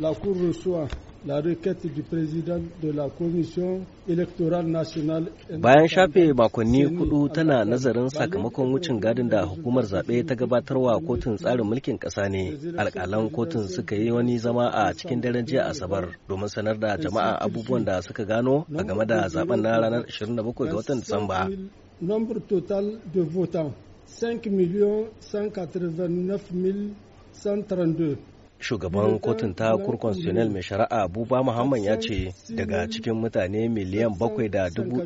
la Cour reçoit la requête du président de la Commission électorale nationale. Bayan shafe makonni kudu tana nazarin sakamakon wucin gadin da hukumar zaɓe ta gabatarwa kotun tsarin mulkin ƙasa ne, alƙalan kotun suka yi wani zama a cikin daren jiya Asabar domin sanar da jama'a abubuwan da suka gano a game da zaben na ranar 27 ga watan Disamba. Number total de votants 5 189 132. shugaban kotun ta kur constitutional mai shari'a buba muhammad ya ce daga cikin mutane miliyan bakwai da dubu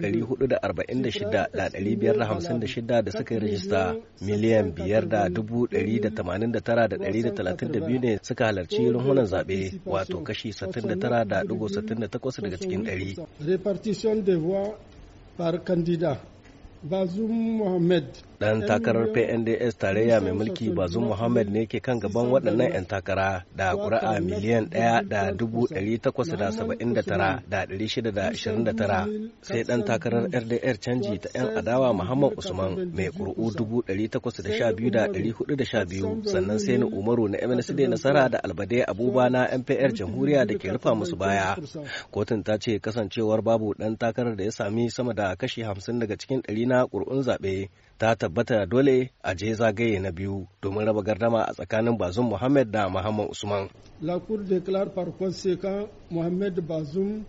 suka yi rajista miliyan biyar ne suka halarci runhunan zaɓe wato kashi sittin da tara da daga cikin 100 Bazum Muhammad. Ɗan takarar PNDS tarayya mai mulki Bazum Mohammed ne ke kan gaban waɗannan 'yan takara da ƙuri'a miliyan ɗaya da dubu ɗari takwas da saba'in da tara da ɗari shida da ashirin da tara sai ɗan takarar RDR canji ta 'yan adawa Muhammad Usman mai kuri'u dubu ɗari takwas da sha biyu da ɗari hudu da sha biyu sannan sai na Umaru na MNCD Nasara da Albade Abuba na MPR Jamhuriya da ke rufa musu baya. Kotun ta ce kasancewar babu ɗan takarar da ya sami sama da kashi hamsin daga cikin ɗari na ƙuri'un zaɓe ta tabbata dole a je zagaye na biyu domin raba gardama a tsakanin bazum Muhammad da Muhammad Usman. La Cour déclare par conséquent muhammad bazum.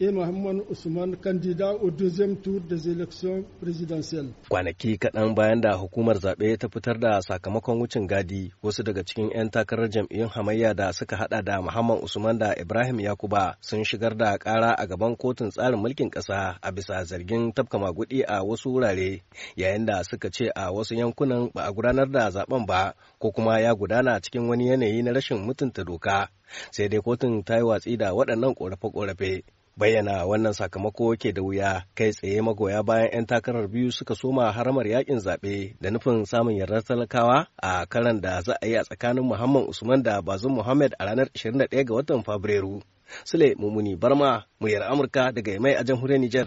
et Mohamed Ousmane, candidat au deuxième tour des élections présidentielles. Kwanaki kaɗan bayan da hukumar zaɓe ta fitar da sakamakon wucin gadi wasu daga cikin 'yan takarar jam'iyyun hamayya da suka haɗa da Muhammad Usman da Ibrahim Yakuba sun shigar da ƙara a gaban kotun tsarin mulkin ƙasa a bisa zargin tafka maguɗi a wasu wurare yayin da suka ce a wasu yankunan ba a gudanar da zaben ba ko kuma ya gudana cikin wani yanayi na rashin mutunta doka. Sai dai kotun ta yi watsi da waɗannan ƙorafe-ƙorafe. bayyana wannan sakamako ke da wuya kai tsaye magoya bayan 'yan takarar biyu suka soma haramar yakin zaɓe da nufin samun yardar talakawa a karan da za a yi a tsakanin muhammad usman da bazin muhammad a ranar 21 ga watan fabrairu sule mumuni barma muryar amurka daga mai a jamhuriyar Nijar.